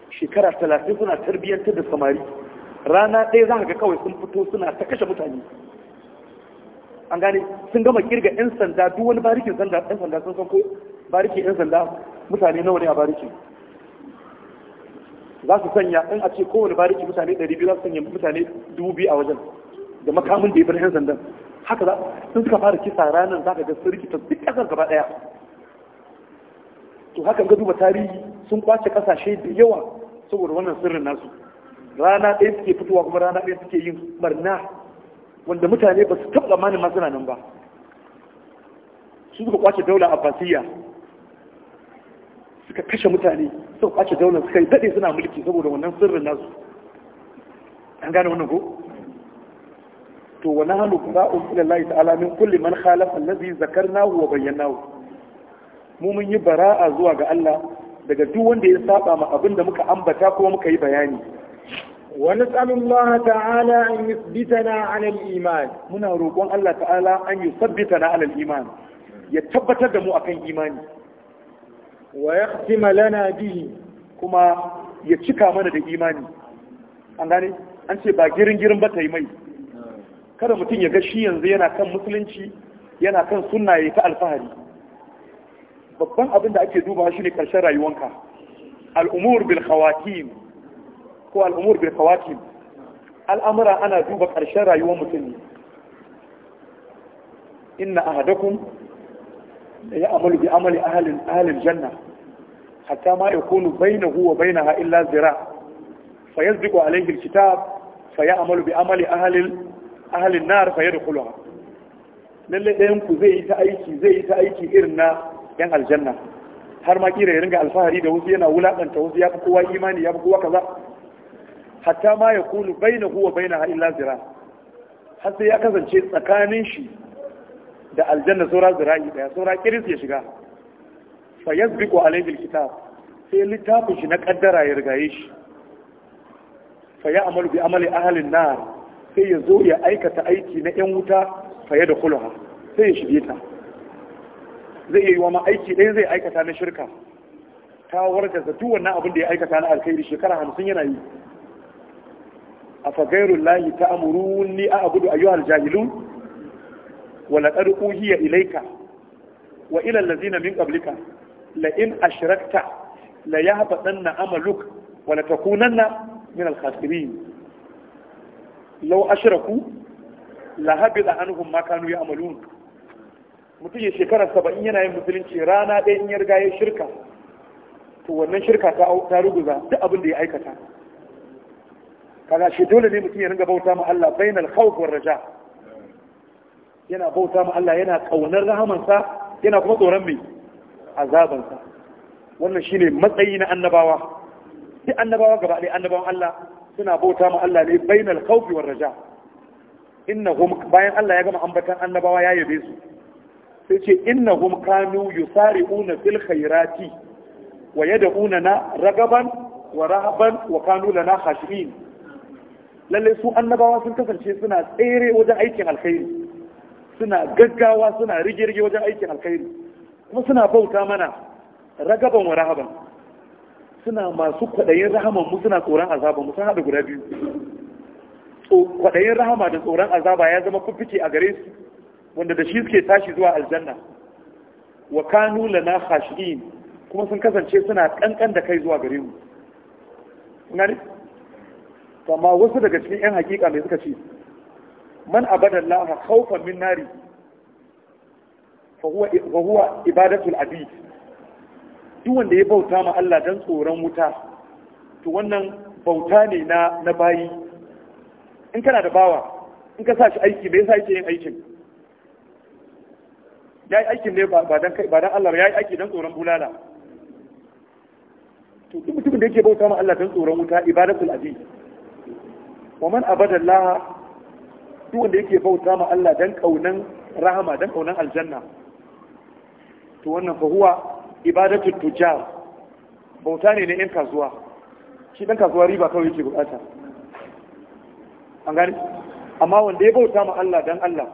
shekara talatin suna tarbiyyantar da samari rana ɗaya za ga kawai sun fito suna ta kashe mutane an gane sun gama kirga 'yan sanda duk wani barikin sanda 'yan sanda sun san ko bariki ɗin sanda mutane nawa ne a bariki za su sanya in a ce kowane bariki mutane 200 za su sanya mutane 2000 a wajen da makamin da ya bar yan sandan haka za sun suka fara kisa ranar za ka ga sun rikita duk ƙasar gaba ɗaya to haka ga duba tarihi sun kwace ƙasashe da yawa saboda wannan sirrin nasu rana ɗaya suke fitowa kuma rana ɗaya suke yin barna wanda mutane ba su taɓa tsammanin masu nan ba su suka kwace daular abbasiyya suka kashe mutane suka kwace daular suka yi daɗe suna mulki saboda wannan sirrin nasu an gane wannan ko to wa nahnu bara'un ila Allah ta'ala min kulli man khalafa allazi zakarnahu wa bayyanahu mu mun yi bara'a zuwa ga Allah daga duk wanda ya saba ma abin da muka ambata kuma muka yi bayani wa Allah ta'ala an yuthbitana 'ala al-iman muna roƙon Allah ta'ala an yuthbitana 'ala al-iman ya tabbatar da mu akan imani wa ya lana bihi kuma ya cika mana da imani an gane an ce ba girin girin ba ta yi mai kada mutum ya ga shi yanzu yana kan musulunci yana kan sunna ya ta alfahari babban abin da ake shi ne karshen rayuwanka al'umur bil khawatim ko al'umur bil khawatim al'amura ana duba karshen rayuwar mutum ne inna ahadakum ya amalu bi amali ahalin ahalin janna hatta ma ya kunu bainahu wa bainaha illa zira fa yasbiqu alayhi alkitab fa ya amali nar lalle ɗayan ku zai yi ta aiki zai yi ta aiki irin na yan aljanna har ma kira ya ringa alfahari da wasu yana wulakanta wasu ya fi kowa imani ya fi kowa kaza hatta ma ya kunu bainahu wa bainaha illa zira har sai ya kasance tsakanin shi da aljanna saura zira'i daya saura kiris ya shiga fa yasbiqu alayhi alkitab sai littafin shi na kaddara ya rigaye shi fa ya amalu bi amali ahli nar sai ya zo ya aikata aiki na yan wuta fa ya dakhulaha sai ya shige ta zai yi wa ma aiki ɗaya zai aikata na shirka ta warkar da duk wannan abin da ya aikata na alkhairi shekara hamsin yana yi a fagairun lahi ta ni a abudu ayyuhal jahilun ولقد أوهي إليك وإلى الذين من قبلك لئن أشركت ليهبطن عملك ولتكونن من الخاسرين لو أشركوا لهبط عنهم ما كانوا يعملون mutum ya shekara saba'in yana yin musulunci rana ɗaya in ya riga ya shirka to wannan shirka ta ruguza duk abin da ya aikata kaga shi dole ne mutum ya ringa bauta ma Allah bainal khawf war raja' yana bauta ma Allah yana kaunar rahamansa yana kuma tsoron mai azabansa wannan shine matsayi na annabawa duk annabawa gaba ɗaya annabawan Allah suna bauta ma Allah ne bainal khawfi war raja innahum bayan Allah ya gama ambatan annabawa ya yabe su sai ce innahum kanu yusari'una fil khairati wa yad'una na ragaban wa rahaban wa kanu lana khashiin lalle su annabawa sun kasance suna tsere wajen aikin alkhairi suna gaggawa suna rige-rige wajen aikin alkhairi kuma suna bauta mana ragaban wa rahaban suna masu kwaɗayin rahama mu suna tsoron azaba mu sun haɗa guda biyu kwaɗayin rahama da tsoron azaba ya zama fuffuke a gare su wanda da shi suke tashi zuwa aljanna wa kanu lana khashiin kuma sun kasance suna kankan da kai zuwa gare mu ngari amma wasu daga cikin yan hakika mai suka ce man abada Allah khawfan min nari fa huwa ibadatul abid duk wanda ya bauta ma Allah dan tsoron wuta to wannan bauta ne na na bayi in kana da bawa in ka sa shi aiki me yasa yake yin aikin yayi aikin ne ba dan kai ba dan Allah yayi aiki dan tsoron bulala to duk mutumin da yake bauta ma Allah dan tsoron wuta ibadatul abid wa man abada Allah duk wanda yake bauta ma Allah dan kaunan rahama dan kaunan aljanna to wannan fa huwa ibadatu tujar bauta ne na yan kasuwa shi dan kasuwa riba kawai yake bukata an gani amma wanda ya bauta ma Allah dan Allah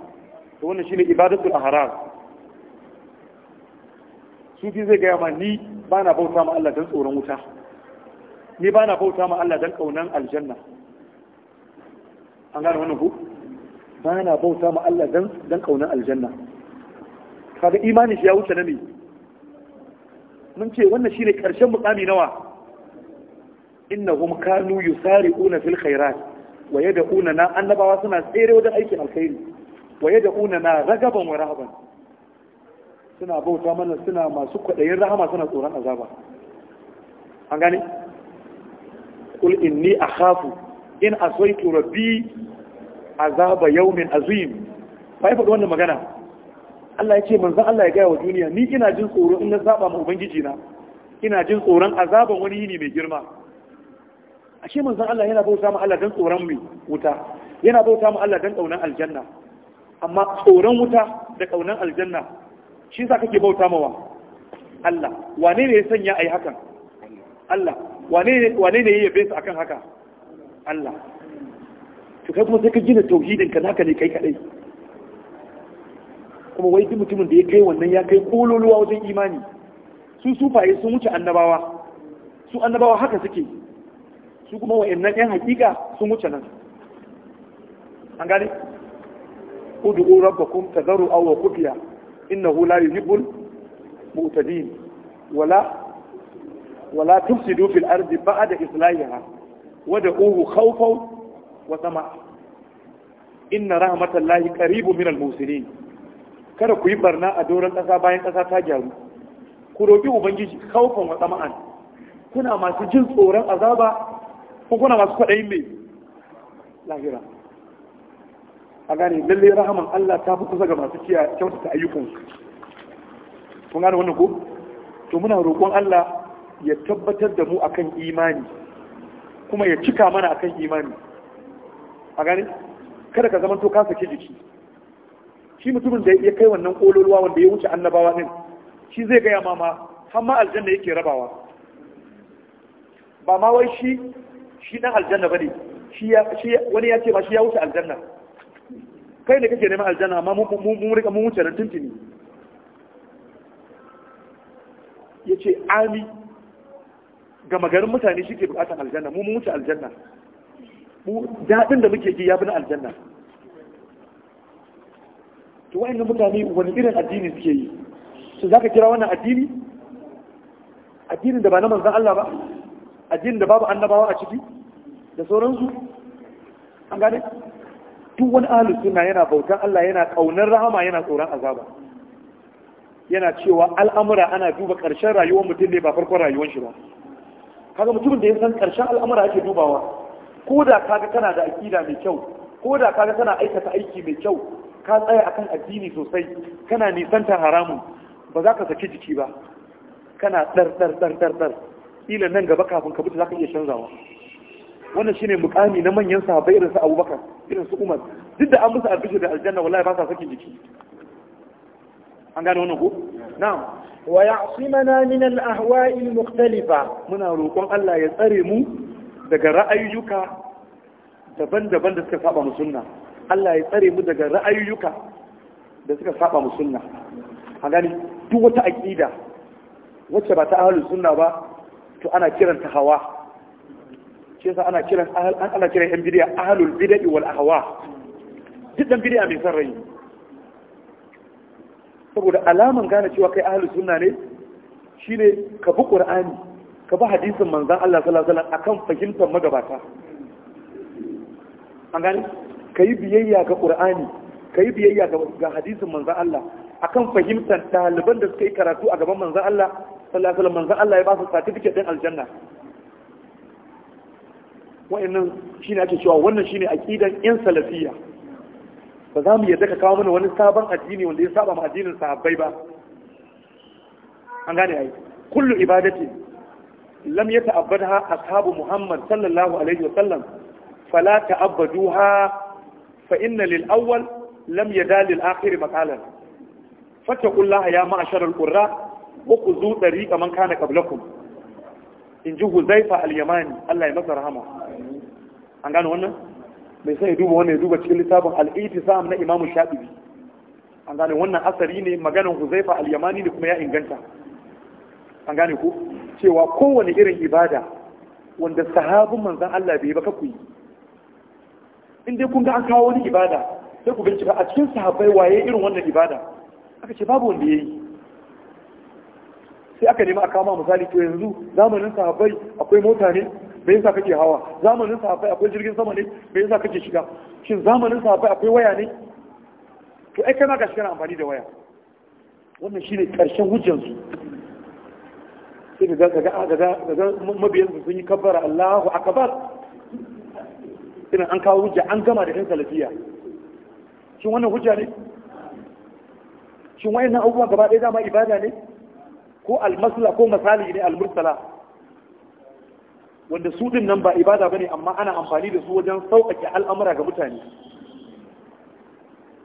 to wannan shine ibadatul ahrar sufi zai gaya ma ni ba na bauta ma Allah dan tsoron wuta ni ba na bauta ma Allah dan kaunan aljanna an gane wannan ku ba na bauta ma Allah dan dan aljanna kaga imanin shi ya wuce na me mun ce wannan shine karshen mukami nawa innahum kanu yusari'una fil khairat wa yad'una na annabawa suna tsere wajen aikin alkhairi wa yad'una na ragaban wa rahaban suna bauta mana suna masu kwaɗayin rahama suna tsoron azaba an gane kul inni akhafu in asaitu rabbi azaba yawmin azim ba ya faɗi wannan magana Allah ya ce manzo Allah ya gaya wa duniya ni ina jin tsoro in na saba ma ubangiji na ina jin tsoron azaban wani yini mai girma ashe manzo Allah yana bauta ma Allah dan tsoron mai wuta yana bauta ma Allah dan kaunan aljanna amma tsoron wuta da kaunan aljanna shi yasa kake bauta mawa Allah wane ne ya sanya ai hakan Allah wane ne ya yabe su akan haka Allah to kuma sai ka gina tauhidin ka naka ne kai kadai kuma wai duk mutumin da ya kai wannan ya kai kololuwa wajen imani su sufaye sun wuce annabawa su annabawa haka suke su kuma wa'annan yan hakika sun wuce nan an gane ud'u rabbakum tazarru'an wa khufiya innahu la yuhibbul mu'tadin wala wala tufsidu fil ardi ba'da islahiha wad'uhu khawfan wa sama inna rahmatallahi qaribu min al-musirin kada ku yi barna a doron ƙasa bayan ƙasa ta gyaru ku roƙi ubangiji kaufan wa kuna masu jin tsoron azaba ko kuna masu kwaɗayin mai lahira a gane lallai rahaman Allah ta fi kusa ga masu kiya kyautata ayyukansu kun gane wannan ko to muna roƙon Allah ya tabbatar da mu akan imani kuma ya cika mana akan imani a gani kada ka zamanto ka saki jiki shi mutumin da ya kai wannan kololuwa wanda ya wuce annabawa din shi zai gaya ma ma har ma aljanna yake rabawa ba ma wai shi shi dan aljanna bane shi ya shi wani ya ce ma shi ya wuce aljanna kai ne kake neman aljanna amma mun mun rika mun wuce nan tuntuni yace ami ga magarin mutane shi ke bukatan aljanna mu mun wuce aljanna daɗin da muke ji ya bi na aljanna to nan mutane wani irin addini suke yi su za ka kira wannan addini addinin da ba na manzan Allah ba addinin da babu annabawa a ciki da sauransu an gane duk wani ahlus sunna yana bautan Allah yana ƙaunar rahama yana tsoron azaba yana cewa al'amura ana duba ƙarshen rayuwar mutum ne ba farkon rayuwar shi ba kaga mutumin da ya san ƙarshen al'amura ake dubawa ko da kaga tana da aƙida mai kyau ko da kaga tana aikata aiki mai kyau ka tsaya akan addini sosai kana nisantar haramun ba za ka saki jiki ba kana dar dar dar dar dar ila nan gaba kafin ka fita za ka iya canzawa wannan shine mukami na manyan sahabbai irin su Abubakar irin su Umar duk da an musu albishir da aljanna wallahi ba sa sakin jiki an gane wannan ko na'am wa ya'simana min al-ahwa'i al-mukhtalifa muna roƙon Allah ya tsare mu daga ra'ayyuka daban-daban da suka saba musulna Allah ya tsare mu daga ra'ayyuka da suka saba musulna a gani duk wata aƙida wacce ba ta ahalin sunna ba to ana kiranta hawa ce yasa ana kiran an ana kiran yan bid'a ahlul bid'i wal ahwa duk dan bid'a mai sarrai saboda alaman gane cewa kai ahlus sunna ne shine ka bi qur'ani ka ba hadisin manzan Allah sallallahu alaihi wasallam akan fahimtar magabata an gani ka yi biyayya ga qur'ani ka yi biyayya ga hadisin manzan Allah akan fahimtar ɗaliban da suka yi karatu a gaban manzan Allah sallallahu alaihi wasallam manzan Allah ya ba su certificate din aljanna wa'annan ne ake cewa wannan shi ne aqidan yan salafiyya ba za mu yadda ka kawo mana wani sabon addini wanda ya saba ma addinin sahabbai ba an gane ai kullu ibadatin lam ya ta'abbadha ashabu Muhammad sallallahu alaihi wa sallam fala ta'abbaduha fa inna lil awwal lam yada lil akhir maqalan fattaqullaha ya ma'ashar al qurra ukhudhu tariqa man kana qablakum in ji Huzaifa al Allah ya an wannan mai sai ya duba wannan ya duba cikin littafin al-Itisam na Imam Shafi'i an gane wannan asari ne maganar Huzaifa al-Yamani ne kuma ya inganta an gane ku cewa kowane irin ibada wanda sahabin manzan Allah bai baka ku yi in dai kun ga an kawo wani ibada sai ku bincika a cikin sahabbai waye irin wannan ibada aka ce babu wanda yayi sai aka nemi a kama misali to yanzu zamanin sahabbai akwai mota ne me yasa kake hawa zamanin sahabbai akwai jirgin sama ne me yasa kake shiga shin zamanin sahabbai akwai waya ne to ai kai ma gashi kana amfani da waya wannan shine karshen su sai ka ga mabiyan su sun yi kabbara Allahu akbar Ina an kawo hujja an gama da kan salafiya shin wannan hujja ne shin wayannan abubuwa gaba ɗaya dama ibada ne ko almasla ko misali ne almursala wanda su din nan ba ibada bane amma ana amfani da su wajen sauƙaƙe al'amura ga mutane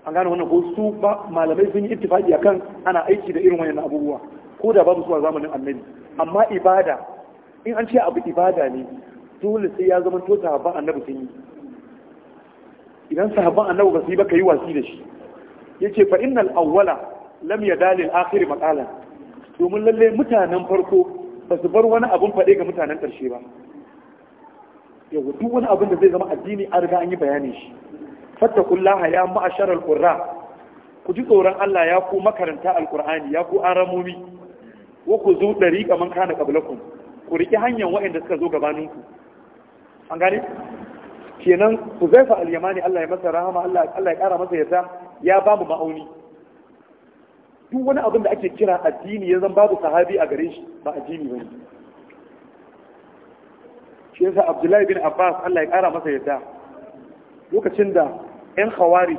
an gane wannan ko su ba malamai sun yi ittifaqi akan ana aiki da irin wayannan abubuwa ko da babu zuwa zamanin annabi amma ibada in an ce abu ibada ne dole sai ya zama to sahabban annabi sun yi idan sahabban annabi ba su yi ba kai wasi da shi yace fa innal awwala lam yadal al akhir maqalan domin lalle mutanen farko ba su bar wani abun faɗe ga mutanen ƙarshe ba yau duk wani abin da zai zama addini an riga an yi bayani shi fattakullaha ya ma'ashar alqurra ku ji tsoron Allah ya ku makaranta alqur'ani ya ku aramomi wa ku zu ɗari kaman kana ƙablakun ku riƙe hanyar waɗanda suka zo gabaninku an gane kenan ku zai al-yamani Allah ya masa rahama Allah ya ƙara masa yarda ya ba mu ma'auni duk wani abin da ake kira addini ya zan babu sahabi a gare shi ba addini ba ne shi yasa abdullahi bin abbas allah ya kara masa yadda lokacin da ƴan khawarij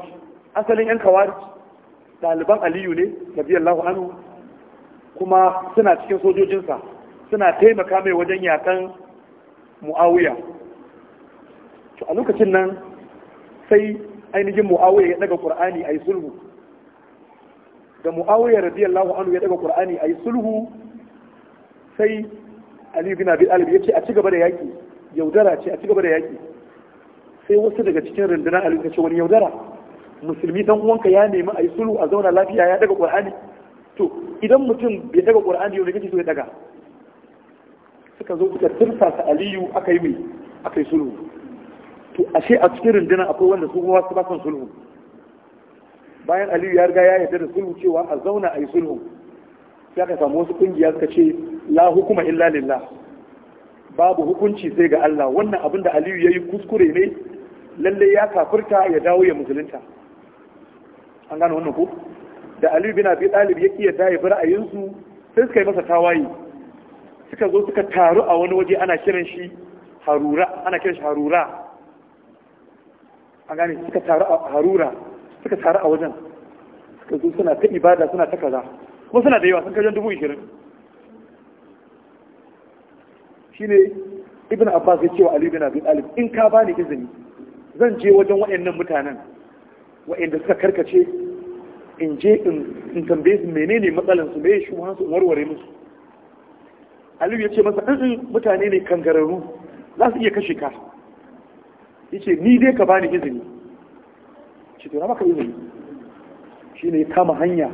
asalin ƴan khawarij ɗaliban aliyu ne radiyallahu anhu kuma suna cikin sojojinsa suna taimaka mai wajen yakan mu'awiya to a lokacin nan sai ainihin mu'awiya ya daga ƙur'ani a yi sulhu da mu'awiya radiyallahu anhu ya daga ƙur'ani a yi sulhu sai ali bin abi ya ce a ci gaba da yaƙi, yaudara ce a ci gaba da yaƙi. sai wasu daga cikin rundunar ali ta ce wani yaudara musulmi dan uwanka ya nemi a yi sulhu a zauna lafiya ya daga ƙur'ani. to idan mutum bai daga qur'ani yau da kake so ya daga suka zo suka tursa sa aliyu aka yi mai aka yi sulhu to ashe a cikin rundunar akwai wanda su kuma su ba son sulhu bayan aliyu ya riga ya yarda da sulhu cewa a zauna a yi sulhu sai aka samu wasu kungiya suka ce la hukuma illa lillah babu hukunci sai ga Allah wannan abin da aliyu ya yi kuskure ne lalle ya kafirta ya dawo ya musulunta an gane wannan ku da Ali bin Abi Talib ya bar da yabi sai suka yi masa tawaye suka zo suka taru a wani waje ana kiran shi Harura ana kiran shi Harura an gane suka taru a Harura suka taru a wajen suka zo suna ta ibada suna ta kaza kuma suna da yawa sun kajan dubu 20 shine Ibn Abbas ya ce wa Ali bin Abi Talib in ka bani izini zan je wajen waɗannan mutanen waɗanda suka karkace in je in tambaye su menene matsalan su me shi su warware musu aliyu ya ce masa in mutane ne kangararru za su iya kashe ka yace ni dai ka bani izini shi to na maka izini shine ya kama hanya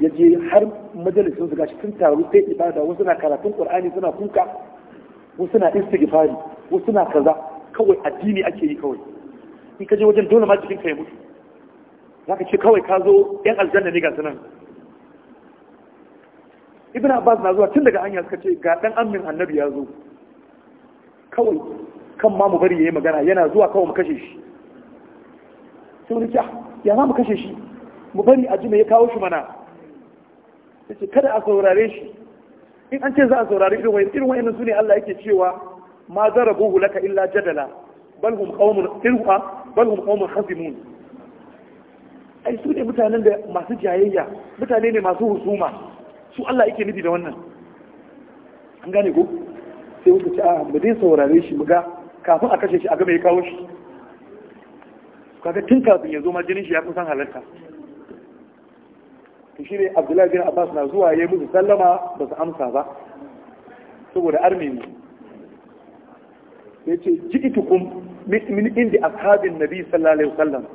ya je har majalisun su gashi sun taru sai ibada wasu na karatun qur'ani suna kuka wasu na istighfari wasu na kaza kawai addini ake yi kawai in ka je wajen dole ma jikinka ya mutu za ka ce kawai ka zo yan aljanna ne ga sunan ibn abbas na zuwa tun daga hanya suka ce ga dan amin annabi ya zo kawai kan ma mu bari yayi magana yana zuwa kawai mu kashe shi sai wani ah, ya za mu kashe shi mu bari a jima ya kawo shi mana yace kada a saurare shi in an ce za a saurare irin wayan irin wayan su ne Allah yake cewa ma zarabuhu laka illa jadala bal hum qaumun tilqa ah, bal hum qaumun khasimun ai su ne mutanen da masu jayayya mutane ne masu husuma su Allah yake nufi da wannan an gane ko sai wuce ce a ah, mu dai saurare shi mu ga kafin a kashe shi a game ya kawo shi kaga tun kafin ya zo ma jinin shi ya kusan halarta to shi ne Abdullahi bin Abbas na zuwa yayin musu sallama ba su amsa ba saboda arme ne yace ji'itukum min indi ashabin nabi sallallahu alaihi wasallam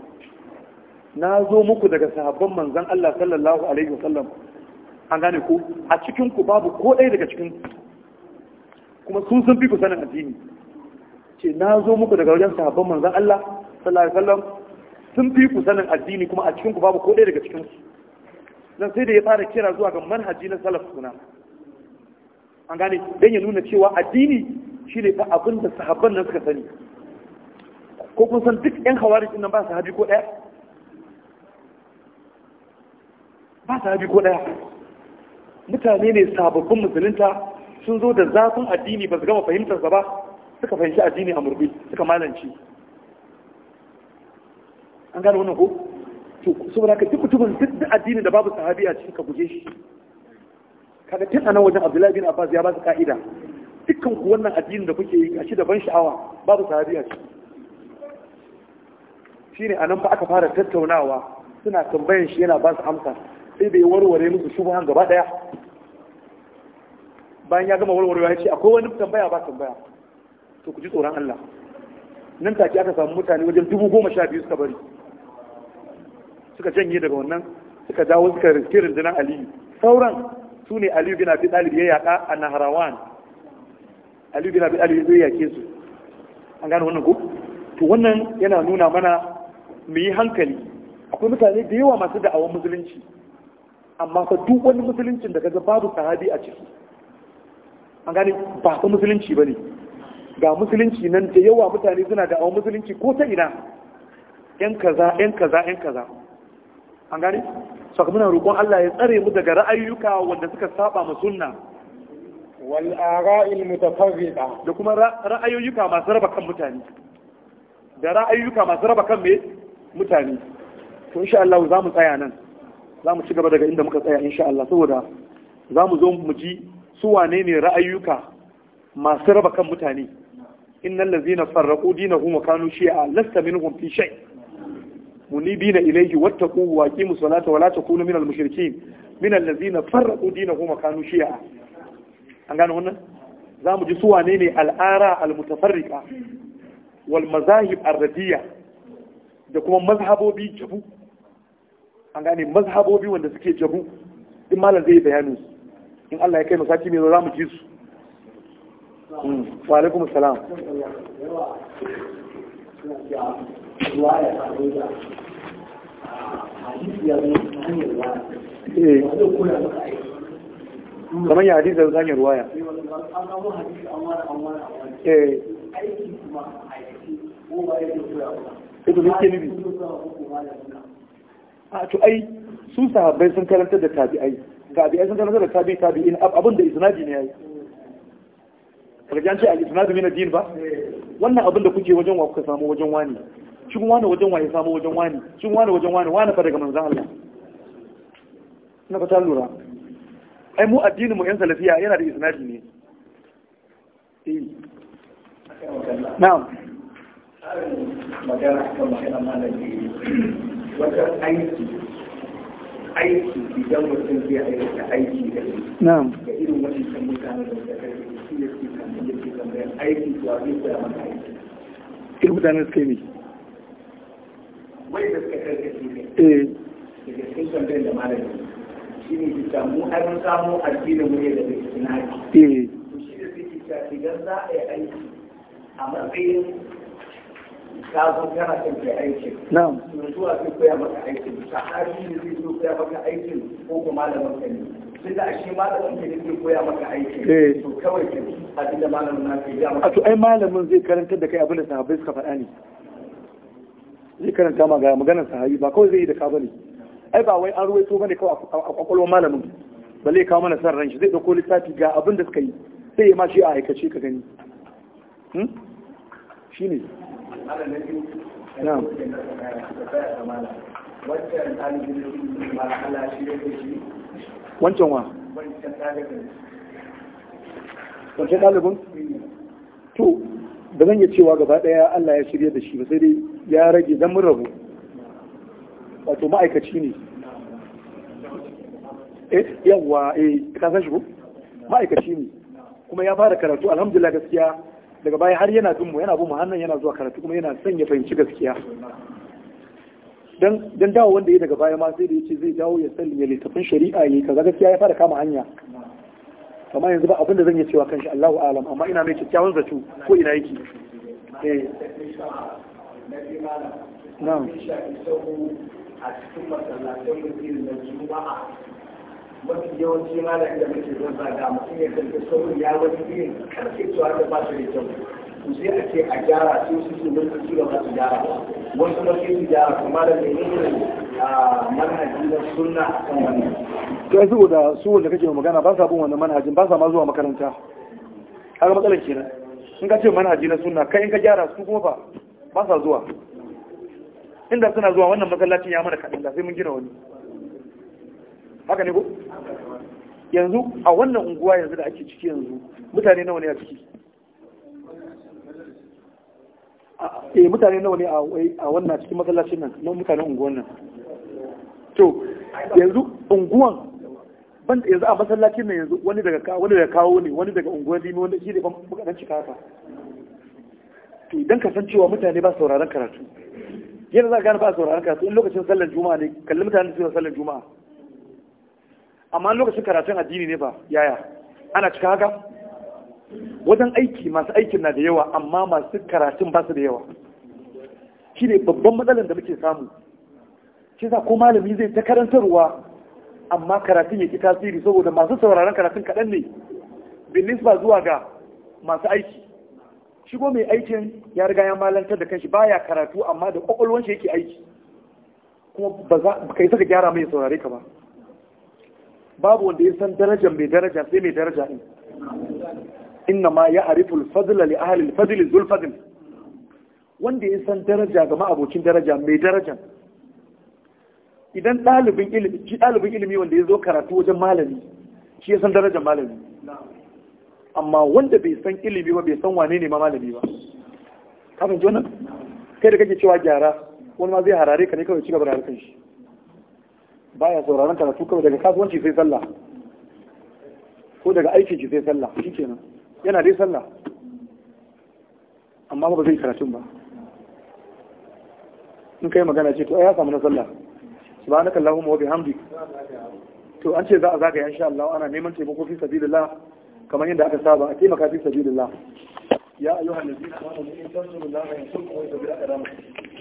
na zo muku daga sahabban manzan Allah sallallahu alaihi wasallam an gane ku a cikinku babu ko ɗaya daga cikin kuma sun sun fi ku sanin addini ce na zo muku daga wajen sahabban manzan Allah sallallahu alaihi wasallam sun fi ku sanin addini kuma a cikinku babu ko ɗaya daga cikin su dan sai da ya fara kira zuwa ga manhaji na salaf suna an gane dan ya nuna cewa addini shine fa abin da sahabban nan suka sani ko kun san duk yan hawari din nan ba sahabi ko ɗaya ba sahabi ko ɗaya mutane ne sababbin musulunta sun zo da zafin addini ba su gama fahimtarsa ba suka fahimci addini a murbi suka malanci an gane wannan ko to saboda ka duk mutumin duk addini da babu sahabi a cikin ka guje shi kaga tun nan wajen Abdullahi bin Abbas ya ba su ka'ida dukkan ku wannan addinin da kuke yi gashi da ban sha'awa babu sahabi a ciki shine anan ba aka fara tattaunawa suna tambayan shi yana ba su amsa sai da ya warware musu shubuhan gaba daya bayan ya gama warwarewa ya ce akwai wani tambaya ba tambaya to ku ji tsoron Allah nan take aka samu mutane wajen dubu goma sha biyu suka bari suka janye daga wannan suka dawo suka riske rundunar aliyu sauran su ne aliyu bin abi talib ya yaka a naharawan aliyu bin abi talib ya yake su an gane wannan ko to wannan yana nuna mana mu yi hankali akwai mutane da yawa masu da'awar musulunci amma fa duk wani musuluncin da kaga babu sahabi a ciki an gane ba fa musulunci bane ga musulunci nan da yawa mutane suna da awon musulunci ko ta ina yan kaza yan kaza yan kaza an gane saka muna roƙon Allah ya tsare mu daga ra'ayyuka wanda suka saba mu sunna wal ara'il mutafarriqa da kuma ra'ayoyuka masu raba kan mutane da ra'ayoyuka masu raba kan me mutane to insha Allah za mu tsaya nan za mu ci gaba daga inda muka tsaya insha Allah saboda za mu zo mu ji su wane ne ra'ayyuka masu raba kan mutane innal ladzina farraqu dinahum wa kanu shi'a lasta minhum fi shay munibina ilayhi wattaqu wa aqimu salata wa la takunu minal mushrikeen minal ladzina farraqu dinahum wa kanu shi'a an gano wannan za mu ji su wane ne al'ara al-mutafarriqa wal mazahib ar-radiyya da kuma mazhabobi jabu an gane mazhabobi wanda suke jabu in malam zai bayanu in Allah ya kai masaki mai za mu ji su mm, wa alaikum salam eh. kamar ya hadisi da hanyar ruwaya eh ito ne ke nufi a to ai su sahabbai sun karanta da tabi'ai tabi'ai sun karanta da tabi'i tabi'in abin da isnadi ne yayi kaga an ce al-isnadu min ad-din ba wannan abin da kuke wajen wa kuka samu wajen wani cin wani wajen wa ya samu wajen wani cin wani wajen wani wani fa daga manzon Allah na fata lura ai mu addini mu yan salafiya yana da isnadi ne eh. na'am magana kan magana malami wata aiki aiki idan mutum zai aikata aiki da shi da irin wani kan mutane da ta shi ne suke tambaye suke tambaye aiki to a zai koya maka aiki irin mutane suke ne wai da suka karkace ne eh da cikin tambayar da malami shi ne ki samu an samu addinin mu ne da istinaki eh to shi ne suke cewa idan za a aiki a matsayin ka zo kana son kai aikin na'am to zuwa koya maka aikin sahabi ne zai zo koya maka aikin ko kuma malamin ka ne tunda a malamin ka ne zai koya maka aikin eh. to kawai ka ji abin da malamin na ka ya maka a to ai malamin zai karanta da kai abin da sahabbai suka faɗa ne zai karanta ma ga maganar sahabi ba kawai zai yi da ka bane ai ba wai an ruwaito bane kawai a kwakwalwar malamin ba zai kawo mana son ran zai dauko lissafi ga abin da suka yi sai ya ma shi a aikace ka gani hmm? shine wancan wa wancan ɗalibin to da zan iya cewa gaba ɗaya Allah ya shirya da shi ba sai dai ya rage zan mun rabu wato ma'aikaci ne eh yawwa eh ka san shi ko ma'aikaci ne kuma ya fara karatu alhamdulillah gaskiya daga baya har yana bin mu yana bin mu hannun yana zuwa karatu kuma yana son ya fahimci gaskiya dan dawo wanda ya daga baya ma sai da yace zai dawo ya salli ya littafin shari'a yayi kaza gaskiya ya fara kama hanya amma yanzu ba abin da zan yi cewa kanshi Allahu alam amma ina mai kyakkyawan zato ko ina yake eh na'am a cikin masallacin mutum da juma'a mafi yawanci malam da muke zan zaga mutum ya kalli saurin ya wani irin karfe cewa da ba su da kyau to sai a ce a gyara sai su su mulki su da ba su gyara ba wasu ma sai su gyara kuma da ne ne a manhaji na sunna a kan wannan kai saboda su wanda kake magana ba sa bin wannan manhajin ba sa ma zuwa makaranta kaga matsalar kenan in ka ce manhaji na sunna kai in ka gyara su kuma ba ba sa zuwa inda suna zuwa wannan masallacin ya mana kaɗan da sai mun gina wani haka ne ko yanzu a wannan unguwa yanzu da ake ciki yanzu mutane nawa ne a ciki eh mutane nawa ne a wannan cikin masallacin nan na mutanen unguwan nan to yanzu unguwan ban yanzu a masallacin nan yanzu wani daga wani daga kawo ne wani daga unguwar dimi wanda shi ne ban bukatar cika haka to idan ka san cewa mutane ba sauraron karatu yadda za ka gane ba sauraron karatu in lokacin sallar juma'a ne kalli mutane suna sallar juma'a amma lokacin karatun addini ne ba yaya ana cika haka wajen aiki masu aikin na da yawa amma masu karatun ba su da yawa shi ne babban matsalar da muke samu shi ko malami zai ta karantarwa amma karatun ya yake tasiri saboda masu sauraron karatun kaɗan ne bin ba zuwa ga masu aiki shigo mai aikin ya riga ya malantar da kanshi baya karatu amma da kwakwalwan shi yake aiki kuma ba za ka yi saka gyara mai saurare ka ba babu wanda ya san darajar mai daraja sai mai daraja ne inna ma ya ariful fadla li ahli al zul fadl wanda ya san daraja ga ma'abocin daraja mai daraja idan ɗalibin ilimi shi ɗalibin ilimi wanda ya zo karatu wajen malami shi ya san darajar malami amma wanda bai san ilimi ba bai san wane ne ma malami ba kafin jonan kai da kake cewa gyara wani ma zai harare ka ne kawai ci gaba da harkar shi baya sauraron karatu kawai daga kasuwanci sai sallah ko daga aikin ci sai sallah kenan, yana dai sallah amma ba zai karatun ba in kai magana ce to ai ya samu na sallah subhanaka allahumma wa hamdi, to an ce za a zagaya insha Allah ana neman taimako fi sabilillah kamar yadda aka saba a taimaka fi sabilillah ya ayyuhan nabiyyu amanu in tansurullaha yansurkum wa yusabbit aqdamakum